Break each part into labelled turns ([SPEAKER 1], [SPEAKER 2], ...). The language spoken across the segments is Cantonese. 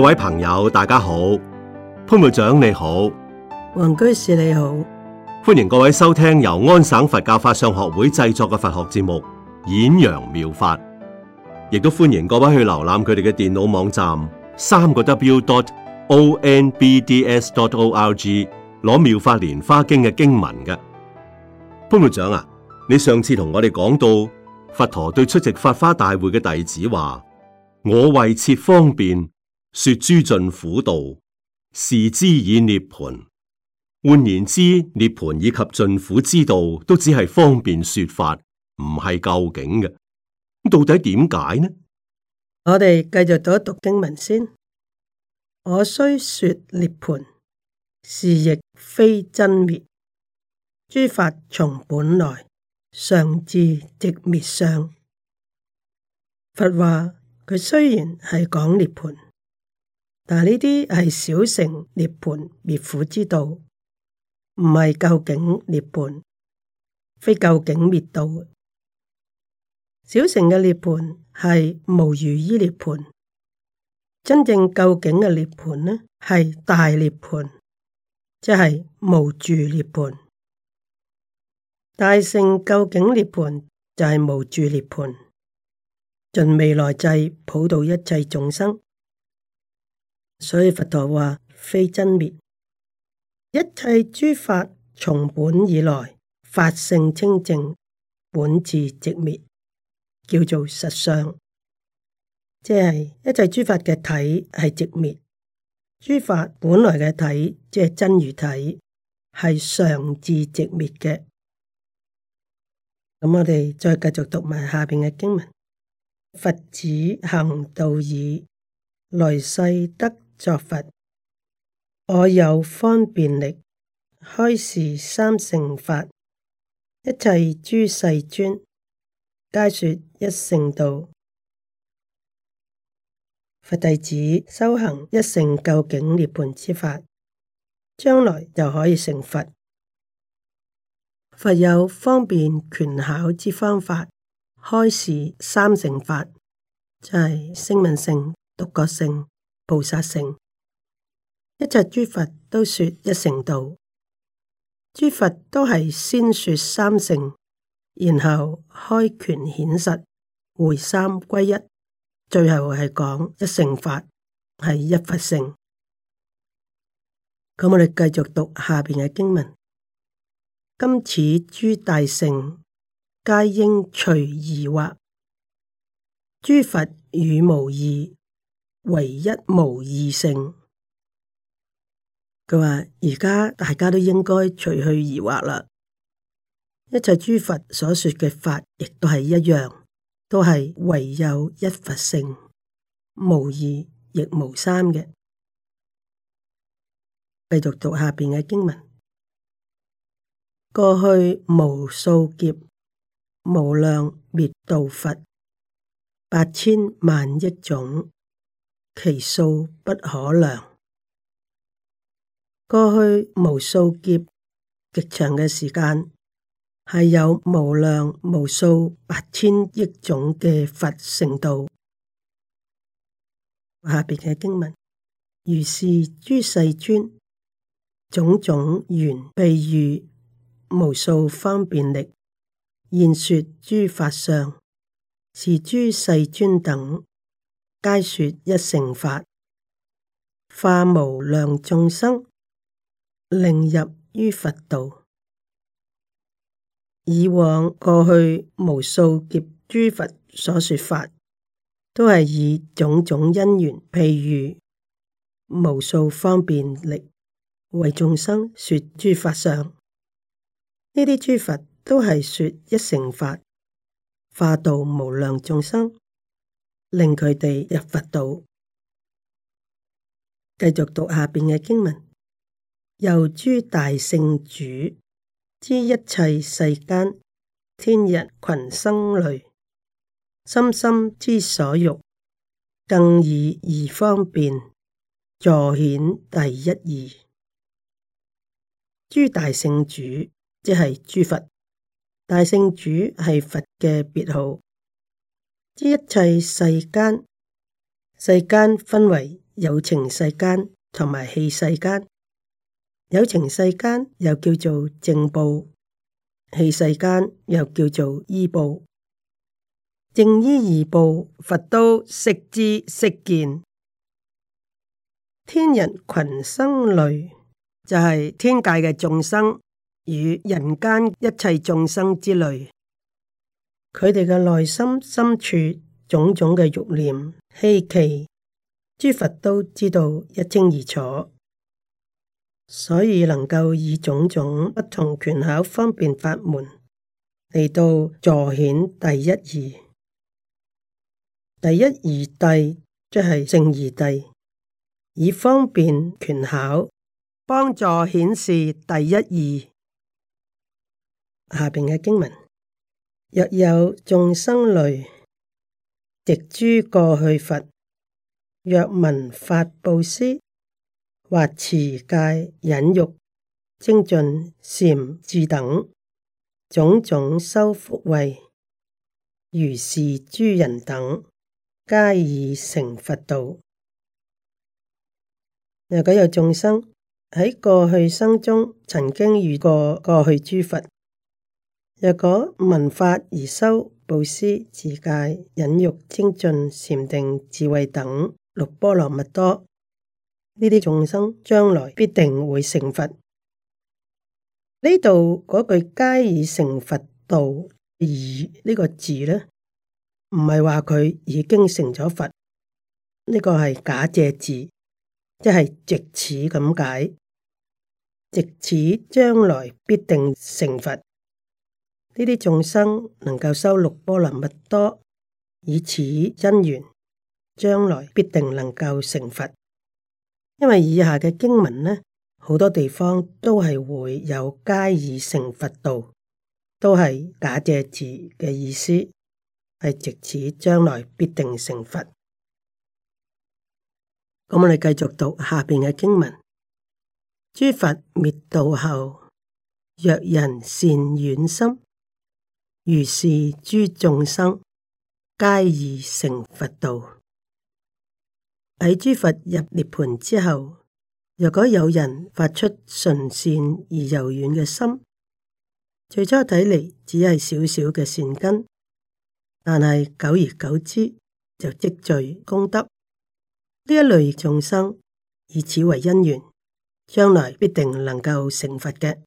[SPEAKER 1] 各位朋友，大家好，潘會長你好，
[SPEAKER 2] 王居士你好，
[SPEAKER 1] 歡迎各位收聽由安省佛教法相學會製作嘅佛學節目《演揚妙法》，亦都歡迎各位去瀏覽佢哋嘅電腦網站三個 w dot o n b d s dot o r g 攞妙法蓮花經嘅經文嘅。潘會長啊，你上次同我哋講到佛陀對出席法花大會嘅弟子話，我為設方便。說諸盡苦道，示之以涅槃。換言之，涅槃以及盡苦之道，都只係方便說法，唔係究竟嘅。到底點解
[SPEAKER 2] 呢？我哋繼續讀一讀經文先。我雖說涅槃，是亦非真滅。諸法從本來，常自寂滅相。佛話佢雖然係講涅槃。但呢啲係小乘涅槃，滅苦之道，唔係究竟涅槃，非究竟滅道。小乘嘅涅槃係無餘依涅槃，真正究竟嘅涅槃呢？係大涅槃，即係無住涅槃。大乘究竟涅槃，就係無住涅槃。盡未來際普渡一切眾生。所以佛陀話：非真滅，一切諸法從本以來，法性清淨，本自寂滅，叫做實相。即係一切諸法嘅體係寂滅，諸法本來嘅體即係真如體，係常自寂滅嘅。咁我哋再繼續讀埋下邊嘅經文：佛子行道已，來世得。作佛，我有方便力，開示三乘法，一切諸世尊皆說一乘道。佛弟子修行一乘究竟涅槃之法，將來就可以成佛。佛有方便權巧之方法，開示三乘法，就係、是、聲聞乘、獨覺乘。菩薩乘：一切諸佛都說一乘道，諸佛都係先說三乘，然後開權顯實，會三歸一，最後係講一乘法係一佛乘。咁我哋繼續讀下面嘅經文：今此諸大眾，皆應除疑惑，諸佛語無異。唯一無二性，佢話：而家大家都應該除去疑惑啦。一切諸佛所說嘅法，亦都係一樣，都係唯有一佛性，無二亦無三嘅。繼續讀下邊嘅經文：過去無數劫，無量滅度佛，八千萬億種。其數不可量。過去無數劫極長嘅時間，係有無量無數八千億種嘅佛成道。下邊嘅經文，如是諸世尊種種緣譬喻，無數方便力，演說諸法相，是諸世尊等。皆說一乘法，化無量眾生，令入於佛道。以往過去無數劫，諸佛所說法，都係以種種因緣譬喻，無數方便力為眾生說諸法相。呢啲諸佛都係說一乘法，化度無量眾生。令佢哋入佛道，繼續讀下邊嘅經文。由諸大聖主知一切世間天日群生類，深心之所欲，更以異方便助顯第一義。諸大聖主即係諸佛，大聖主係佛嘅別號。一切世間，世間分為有情世間同埋器世間。有情世間又叫做正報，器世間又叫做依報。正依二報，佛都悉知、悉見。天人群生類，就係、是、天界嘅眾生與人間一切眾生之類。佢哋嘅內心深處種種嘅欲念希冀，諸佛都知道一清二楚，所以能夠以種種不同權巧方便法門嚟到助顯第一義。第一義諦即係聖義諦，以方便權巧，幫助顯示第一義。下邊嘅經文。若有眾生類，值諸過去佛，若聞法布施或持戒忍辱精進禪智等，種種修福慧，如是諸人等，皆已成佛道。若果有眾生喺過去生中曾經遇過過去諸佛。若果聞法而修布施、持戒、忍辱、精進、禪定、智慧等六波羅蜜多，呢啲眾生將來必定會成佛。呢度嗰句皆以成佛道，而呢個字呢，唔係話佢已經成咗佛，呢個係假借字，即係直此咁解，直此將來必定成佛。呢啲眾生能夠修六波羅蜜多，以此因緣，將來必定能夠成佛。因為以下嘅經文呢，好多地方都係會有皆以成佛道，都係假借字嘅意思，係借此將來必定成佛。咁我哋繼續讀下邊嘅經文：諸佛滅度後，若人善遠心。如是諸眾生，皆以成佛道。喺諸佛入涅盤之後，若果有人發出純善而柔軟嘅心，最初睇嚟只係小小嘅善根，但係久而久之就積聚功德。呢一類眾生以此為因緣，將來必定能夠成佛嘅。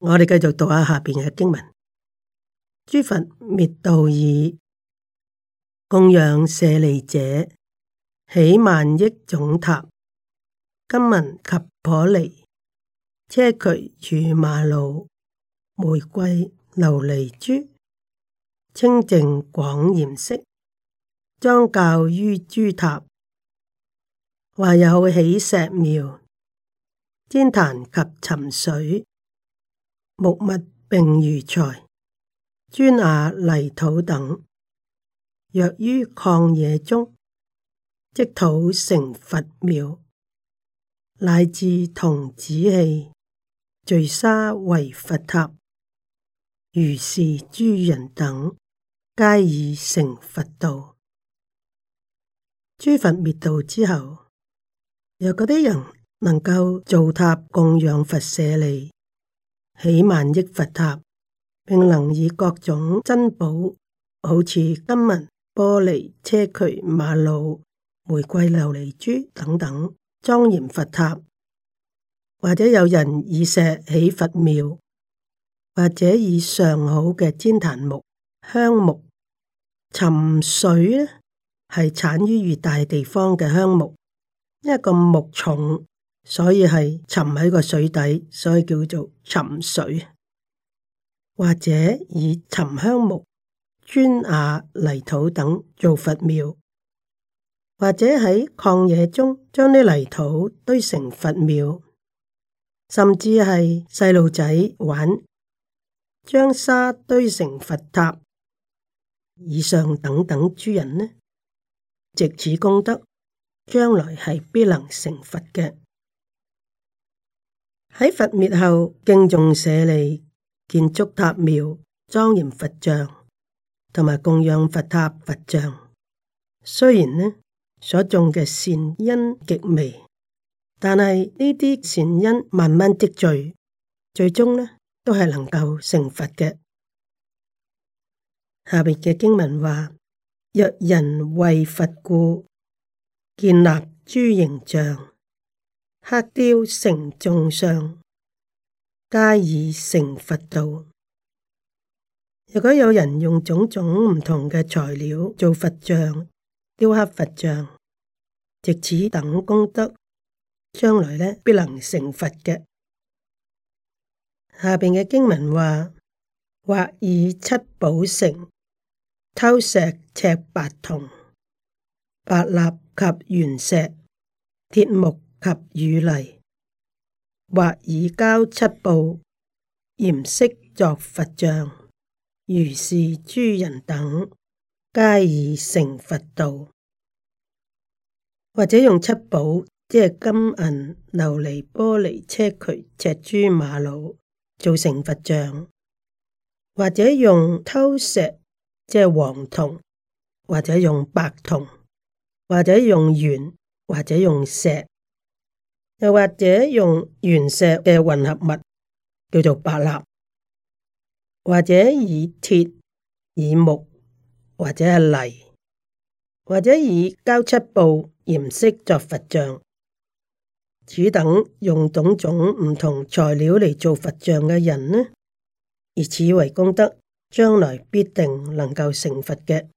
[SPEAKER 2] 我哋繼續讀下下面嘅經文。諸佛滅度已，供養舍利者，起萬億種塔，金銀及玻璃，硨磲與瑪瑙、玫瑰、琉璃珠，清淨廣嚴飾，莊校於諸塔，或有起石廟，栴檀及沉水木樒並餘材。磚瓦泥土等，若於曠野中積土成佛廟，乃至童子戲聚沙為佛塔，如是諸人等，皆已成佛道。諸佛滅度之後，若嗰啲人能夠造塔供養佛舍利，起萬億佛塔。並能以各種珍寶，好似金銀、玻璃、車渠、馬路、玫瑰、琉璃珠等等，莊嚴佛塔；或者有人以石起佛廟，或者以上好嘅栴檀木、香木。沉水呢，係產於越大地方嘅香木，一個木重，所以係沉喺個水底，所以叫做沉水。或者以沉香木、磚瓦、泥土等做佛廟，或者喺曠野中將啲泥土堆成佛廟，甚至係細路仔玩將沙堆成佛塔。以上等等諸人呢，藉此功德，將來係必能成佛嘅。喺佛滅後敬重舍利。建築塔廟、莊嚴佛像，同埋供養佛塔佛像。雖然呢所種嘅善因極微，但係呢啲善因慢慢積聚，最終呢都係能夠成佛嘅。下面嘅經文話：若人為佛故，建立諸形像，刻雕成眾相。皆已成佛道。如果有人用種種唔同嘅材料做佛像、雕刻佛像，藉此等功德，將來呢必能成佛嘅。下邊嘅經文話：或以七寶成、偷石、赤白銅、白蠟及原石、鐵木及雨泥。或以膠漆布，嚴飾作佛像，如是諸人等，皆以成佛道。或者用七寶，即係金、銀、琉璃、玻璃、硨磲、赤珠、瑪瑙做成佛像，或者用鍮石，即係黃銅，或者用白銅，或者用鉛，或者用石。又或者用鉛錫嘅混合物叫做白鑞，或者以鐵、以木，或者係泥，或者以膠漆布嚴飾作佛像，此等用種種唔同材料嚟做佛像嘅人呢，以此為功德，將來必定能夠成佛嘅。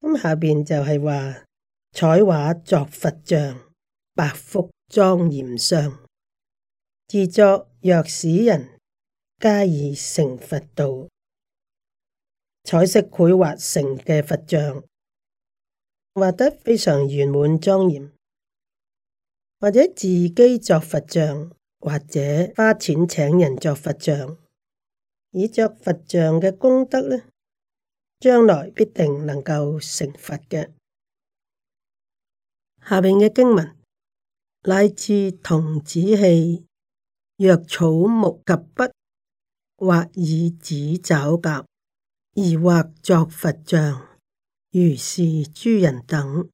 [SPEAKER 2] 咁下邊就係話彩畫作佛像。百福莊嚴相，自作若使人，皆已成佛道。彩色繪畫成嘅佛像，畫得非常圓滿莊嚴，或者自己作佛像，或者花錢請人作佛像，以作佛像嘅功德呢，將來必定能夠成佛嘅。下邊嘅經文。乃至童子戲，若草木及筆，或以指爪甲，而或作佛像，如是諸人等，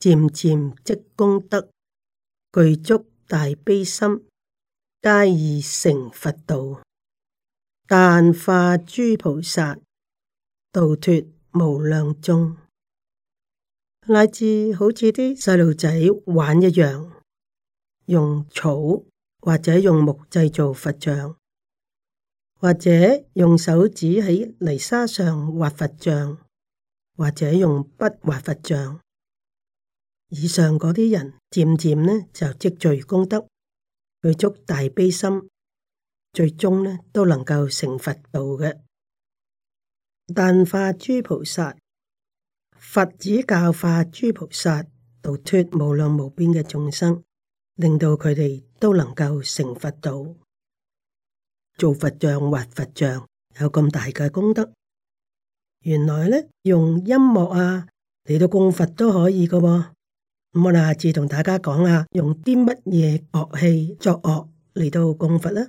[SPEAKER 2] 漸漸積功德，具足大悲心，皆以成佛道。但化諸菩薩，度脫無量眾，乃至好似啲細路仔玩一樣。用草或者用木製造佛像，或者用手指喺泥沙上畫佛像，或者用筆畫佛像。以上嗰啲人漸漸呢就積聚功德，去捉大悲心，最終呢都能夠成佛道嘅。但化諸菩薩，佛子教化諸菩薩，度脫，脫無量無邊嘅眾生。令到佢哋都能夠成佛道，做佛像畫佛像有咁大嘅功德。原來咧用音樂啊嚟到供佛都可以噶，啊。咁我哋下次同大家講啊，用啲乜嘢樂器作樂嚟到供佛啦。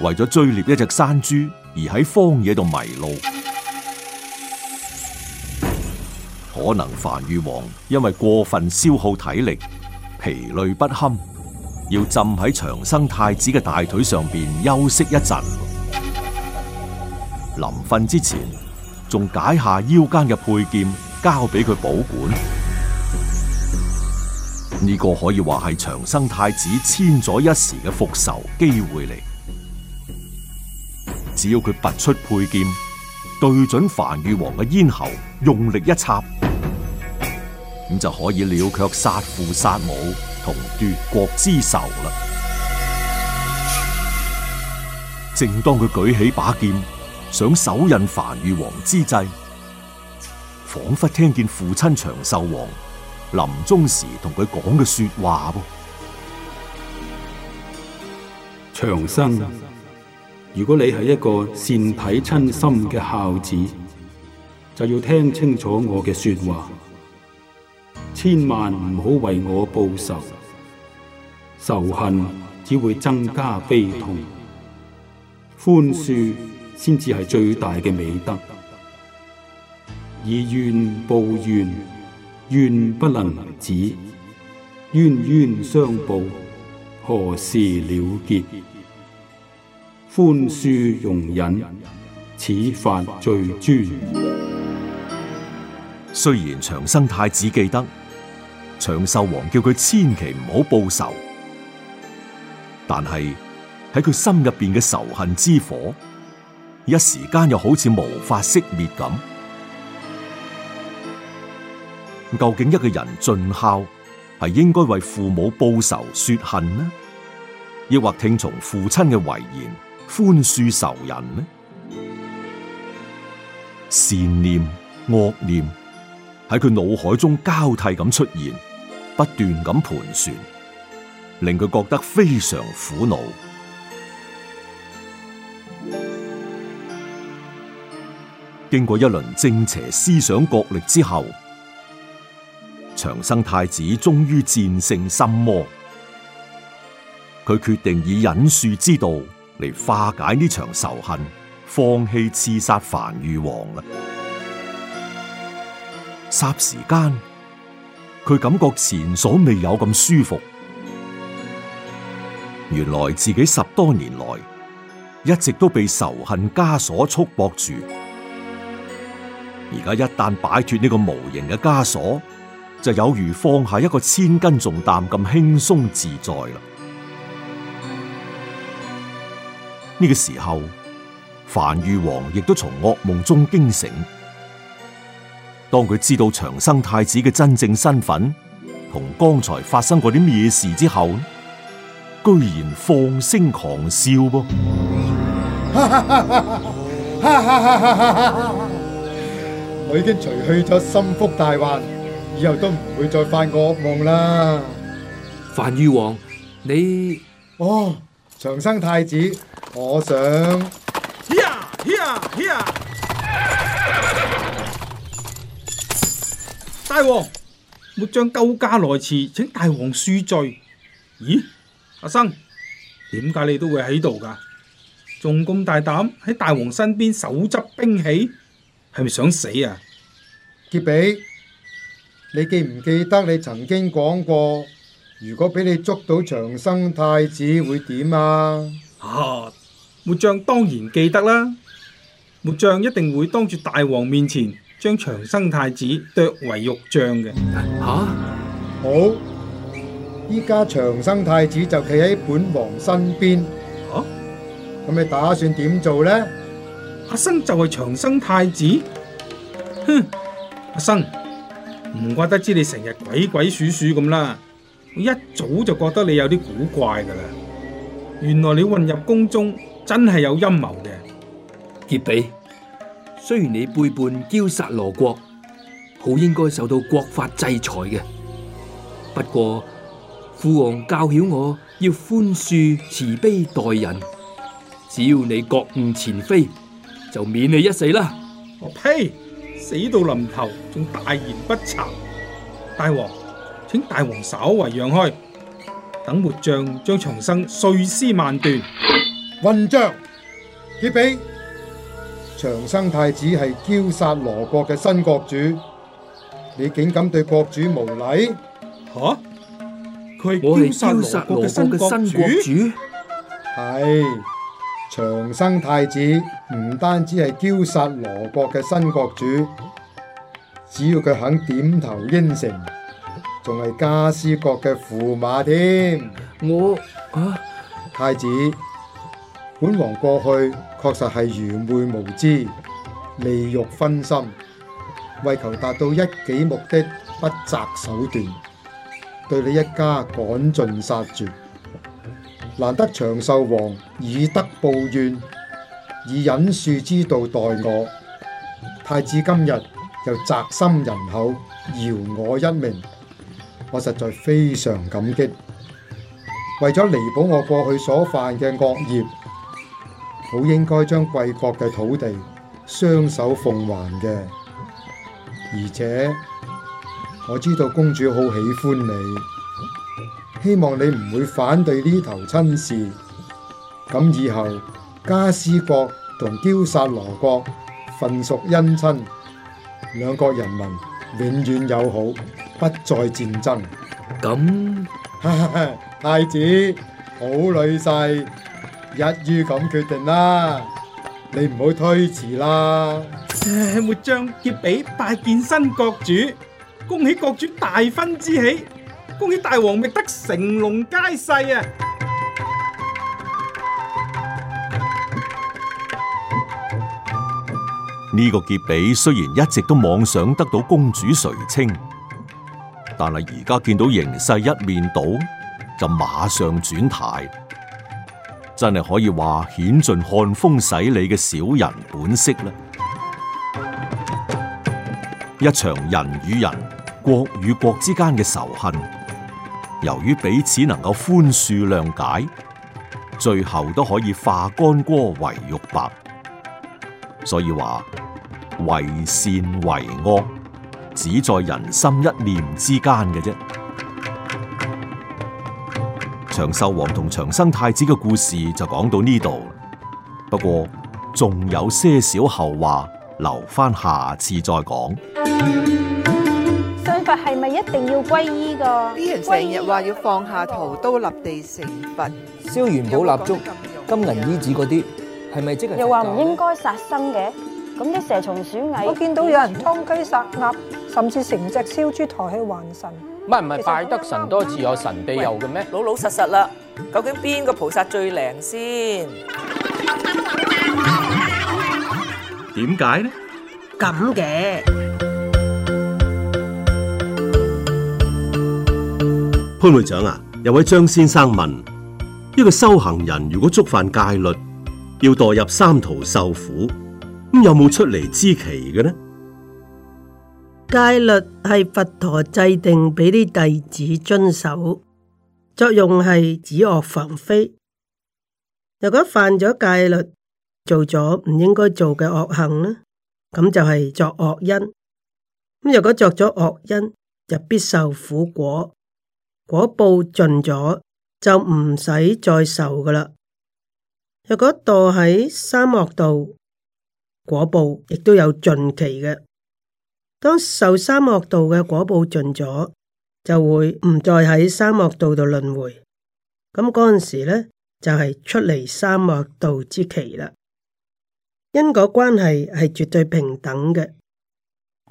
[SPEAKER 1] 為咗追獵一隻山豬而喺荒野度迷路，可能梵豫王因為過分消耗體力，疲累不堪，要浸喺長生太子嘅大腿上面休息一陣。臨瞓之前，仲解下腰間嘅佩劍交俾佢保管。呢、這個可以話係長生太子千載一時嘅復仇機會嚟。只要佢拔出佩劍，對準樊玉王嘅咽喉，用力一插，咁就可以了卻殺父殺母同奪國之仇啦。正當佢舉起把劍，想手刃樊玉王之際，仿佛聽見父親長壽王臨終時同佢講嘅說話。噃長生。如果你係一個善體親
[SPEAKER 3] 心嘅孝子，就要聽清楚我嘅說話，千萬唔好為我報仇，仇恨只會增加悲痛，寬恕先至係最大嘅美德。以怨報怨，怨不能止，冤冤相報，何時
[SPEAKER 1] 了結？寬恕容忍，此法最尊。雖然長生太子記得長壽王叫佢千祈唔好報仇，但係喺佢心入邊嘅仇恨之火，一時間又好似無法熄滅咁。究竟一個人盡孝係應該為父母報仇雪恨呢，抑或聽從父親嘅遺言？寬恕仇人呢？善念、惡念喺佢腦海中交替咁出現，不斷咁盤旋，令佢覺得非常苦惱。 經過一輪正邪思想角力之後，長生太子終於戰勝心魔。佢決定以忍恕之道。嚟化解呢場仇恨，放棄刺殺樊御王啦！霎時間，佢感覺前所未有咁舒服。原來自己十多年來一直都被仇恨枷鎖束縛住，而家一旦擺脫呢個無形嘅枷鎖，就有如放下一個千斤重擔咁輕鬆自在啦！呢個時候，范玉皇亦都從噩夢中驚醒。當佢知道長生太子嘅真正身份同剛才發生過啲咩事之後，居然放聲狂笑噃！
[SPEAKER 4] 我已經除去咗心腹大患，以後都唔會再犯惡夢啦。范玉皇，你哦，長生太子。我想。
[SPEAKER 3] 大王，末將救駕來遲，請大王恕罪。咦，阿生，點解你都會喺度噶？仲咁大膽喺大王身邊手執兵器，係咪想死啊？傑比，你
[SPEAKER 4] 記唔記得你曾經講過，如果俾你捉到長生太子
[SPEAKER 3] 會點啊？啊！末將當然記得啦，末將一定會當住大王面前將長生太子剁為肉醬嘅。吓，好，
[SPEAKER 4] 依家長生太子就企喺本
[SPEAKER 3] 王身邊。吓，咁你打算點做呢？阿生就係長生太子。哼，阿生，唔怪得知你成日鬼鬼祟祟咁啦，我一早就覺得你有啲古怪噶啦。原來你混入宮中。真係有陰謀嘅，杰比。雖然你背叛驕殺羅國，好應該受到國法制裁嘅。不過父王教曉我要寬恕慈悲待人，只要你覺悟前非，就免你一死啦。我呸、啊！死到臨頭仲大言不慚，大王，請大王稍微讓開，等末將將長生碎屍萬段。混帳，接俾長
[SPEAKER 4] 生太子係驕殺羅國嘅新國主，你竟敢對國主無禮？
[SPEAKER 3] 吓，佢係驕殺羅國嘅新國主？
[SPEAKER 4] 係長生太子唔單止係驕殺羅國嘅新國主，只要佢肯點頭應承，仲係迦屍國嘅駙馬添。我吓太子。本王過去確實係愚昧無知、利欲分心，為求達到一己目的，不擇手段，對你一家趕盡殺絕。難得長壽王以德報怨，以忍恕之道待我，太子今日又宅心仁厚饒我一命，我實在非常感激。為咗彌補我過去所犯嘅惡業。好應該將貴國嘅土地雙手奉還嘅，而且我知道公主好喜歡你，希望你唔會反對呢頭親事。咁以後加斯國同嬌薩羅國份屬姻親，兩國人民永遠友好，不再戰爭。咁，太子，好女婿。一於咁決定啦，你唔好推辭啦！
[SPEAKER 3] 末將結比拜見新國主，恭喜國主大婚之喜，恭喜大王覓得成龍佳婿啊！
[SPEAKER 1] 呢個結比雖然一直都妄想得到公主垂青，但係而家見到形勢一面倒，就馬上轉軚。真係可以話顯盡寒風洗禮嘅小人本色啦！一場人與人、國與國之間嘅仇恨，由於彼此能夠寬恕諒解，最後都可以化干戈為玉帛。所以話為善為惡，只在人心一念之間嘅啫。長壽王同長生太子嘅故事就講到呢度，不過仲有些少後話，留翻下次再講。
[SPEAKER 3] 信佛係咪一
[SPEAKER 1] 定要皈依噶？啲人成日話要放下屠刀立地成佛，
[SPEAKER 3] 燒元寶蠟燭、金銀衣紙嗰啲，係咪即係？又話唔
[SPEAKER 2] 應該殺生嘅，咁啲蛇蟲鼠蟻，我見到有人劏雞殺鴨，甚至成隻燒豬抬起還神。
[SPEAKER 1] 唔係唔係，拜得神多自有神庇佑嘅咩？老老實實啦，究竟邊個菩
[SPEAKER 2] 薩最靈先？
[SPEAKER 1] 點解呢？
[SPEAKER 2] 咁嘅
[SPEAKER 1] 潘會長啊，有位張先生問：一個修行人如果觸犯戒律，要墮入三途受苦，咁有冇出離之期嘅呢？
[SPEAKER 2] 戒律係佛陀制定畀啲弟子遵守，作用係止惡防非。若果犯咗戒律，做咗唔應該做嘅惡行咧，咁就係作惡因。咁若果作咗惡因，就必受苦果。果報盡咗，就唔使再受㗎喇。若果墮喺三惡道，果報亦都有盡期嘅。當受三惡道嘅果報盡咗，就會唔再喺三惡道度輪迴。咁嗰陣時咧，就係、是、出嚟三惡道之期啦。因果關係係絕對平等嘅，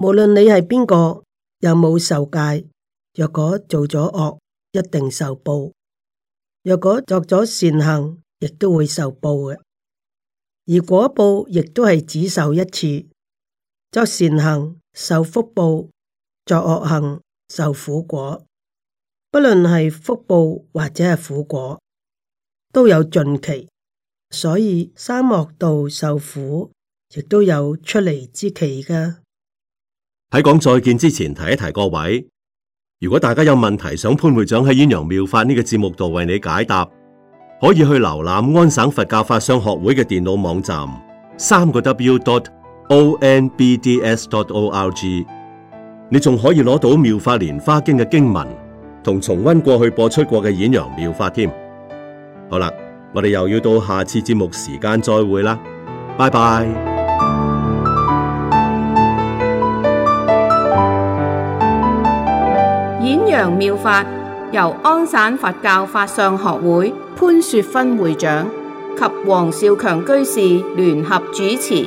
[SPEAKER 2] 無論你係邊個，有冇受戒，若果做咗惡，一定受報；若果作咗善行，亦都會受報嘅。而果報亦都係只受一次，作善行。受福報，作惡行受苦果，不論係福報或者係苦果，都有盡期。所以三惡道受苦，亦都有出離之期噶。
[SPEAKER 1] 喺講再見之前，提一提各位，如果大家有問題想潘會長喺《鴛鴦妙法》呢、這個節目度為你解答，可以去瀏覽安省佛教法商學會嘅電腦網站，三個 W dot。onbds.org，你仲可以攞到《妙法蓮華經》嘅經文同重溫過去播出過嘅《演揚妙法》添。好啦，我哋又要到下次節目時間再會啦，拜拜。
[SPEAKER 2] 《演揚妙法》由安省佛教法相學會潘雪芬會長及黃少強居士聯合主持。